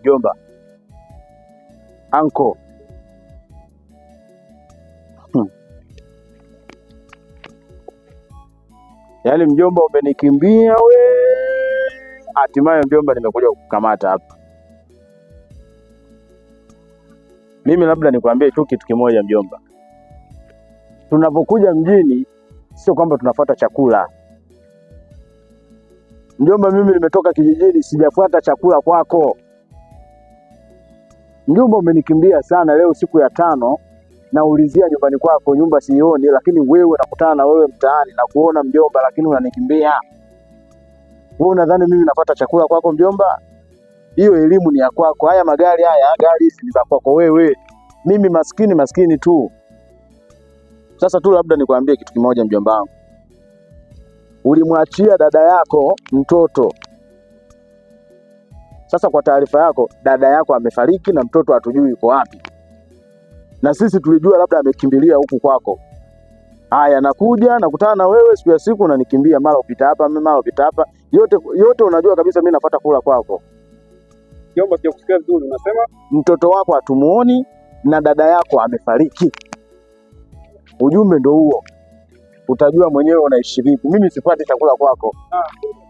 Mjomba, anko, hmm. Yaani mjomba, umenikimbia we. Hatimaye mjomba, nimekuja kukamata hapa. Mimi labda nikwambie tu kitu kimoja mjomba, tunapokuja mjini sio kwamba tunafuata chakula Mjomba, mimi nimetoka kijijini, sijafuata chakula kwako. Mjomba, umenikimbia sana leo, siku ya tano naulizia nyumbani kwako, nyumba sioni, lakini wewe nakutana na wewe mtaani na kuona mjomba, lakini unanikimbia. Wewe unadhani mimi napata chakula kwako mjomba? Hiyo elimu ni ya kwako, haya magari haya, gari hizi ni za kwako wewe. Mimi maskini maskini tu. Sasa tu labda nikwambie kitu kimoja mjomba wangu ulimwachia dada yako mtoto. Sasa kwa taarifa yako, dada yako amefariki na mtoto hatujui yuko wapi, na sisi tulijua labda amekimbilia huku kwako. Haya, nakuja nakutana na wewe siku ya siku unanikimbia, mara upita hapa, mara upita hapa, yote yote, unajua kabisa mimi nafuata kula kwako. Kiomba kusikia vizuri, unasema mtoto wako hatumuoni na dada yako amefariki. Ujumbe ndio huo utajua mwenyewe unaishi vipi. Mimi sipati chakula kwako. Ah.